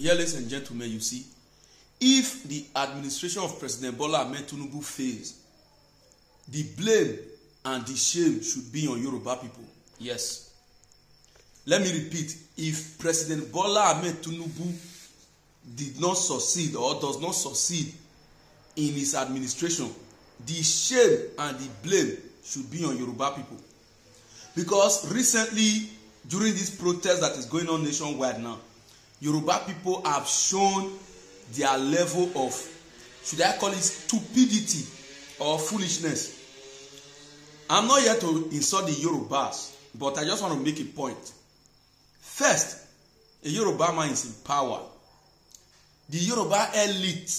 Here, ladies and gentlemen, you see, if the administration of President Bola Ahmed Tinubu fails, the blame and the shame should be on Yoruba people. Yes. Let me repeat, if President Bola Ahmed Tinubu did not succeed or does not succeed in his administration, the shame and the blame should be on Yoruba people. Because recently, during this protest that is going on nationwide now, Yoruba people have shown their level of should I call it stupidity or foolishness. I'm not here to insult the Yorubas, but I just want to make a point. First, a Yoruba man is in power. The Yoruba elite,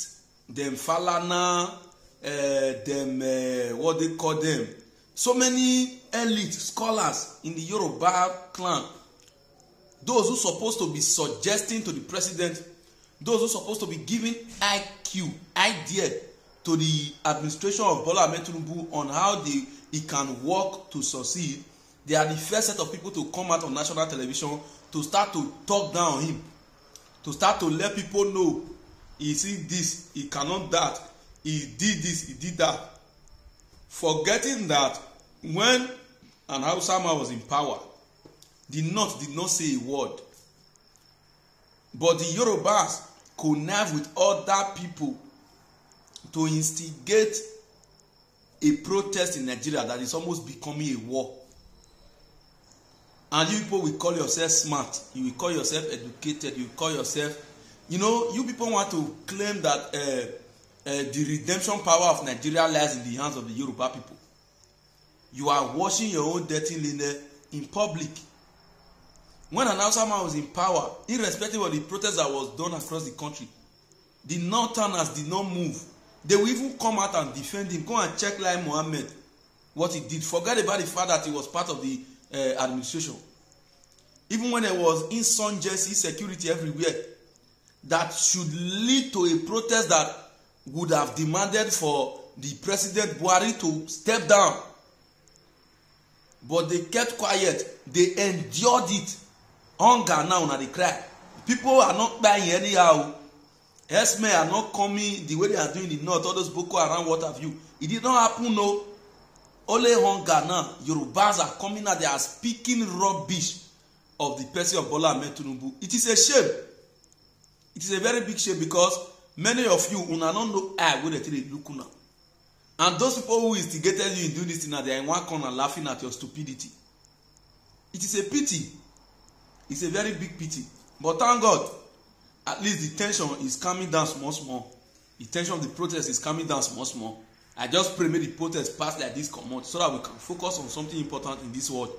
them Falana, uh, dem uh, what they call them, so many elite scholars in the Yoruba clan those who supposed to be suggesting to the president those who supposed to be giving iq idea to the administration of bola ahmed tinubu on how they he can work to succeed they are the first set of people to come out on national television to start to talk down him to start to let people know he see this he cannot that he did this he did that forgetting that when an hausa man was in power The North did not say a word. But the Yorubas connive with other people to instigate a protest in Nigeria that is almost becoming a war. And you people will call yourself smart, you will call yourself educated, you will call yourself. You know, you people want to claim that uh, uh, the redemption power of Nigeria lies in the hands of the Yoruba people. You are washing your own dirty linen in public when an Hausa man was in power, irrespective of the protest that was done across the country, the Northerners did not move. They will even come out and defend him. Go and check Lai Mohammed, what he did. Forget about the fact that he was part of the uh, administration. Even when there was insurgency, security everywhere, that should lead to a protest that would have demanded for the president Buhari to step down. But they kept quiet. They endured it hunger now na dey cry people are not buying anyhow herdsmen are not coming the way they are doing the north all those boko haram what have you e did not happen no only hunger now yorubas are coming out they are speaking rubbish of the person of bola ahmed tinubu it is a shame it is a very big shame because many of you una no know eye wey dey take dey look una and those people who instigated you in doing this thing na they are in one corner laughing at your stupidity it is a pity it's a very big pity but thank god at least the tension is calming down small small the tension of the protest is calming down small small i just pray make the protest pass like this comot so that we can focus on something important in this world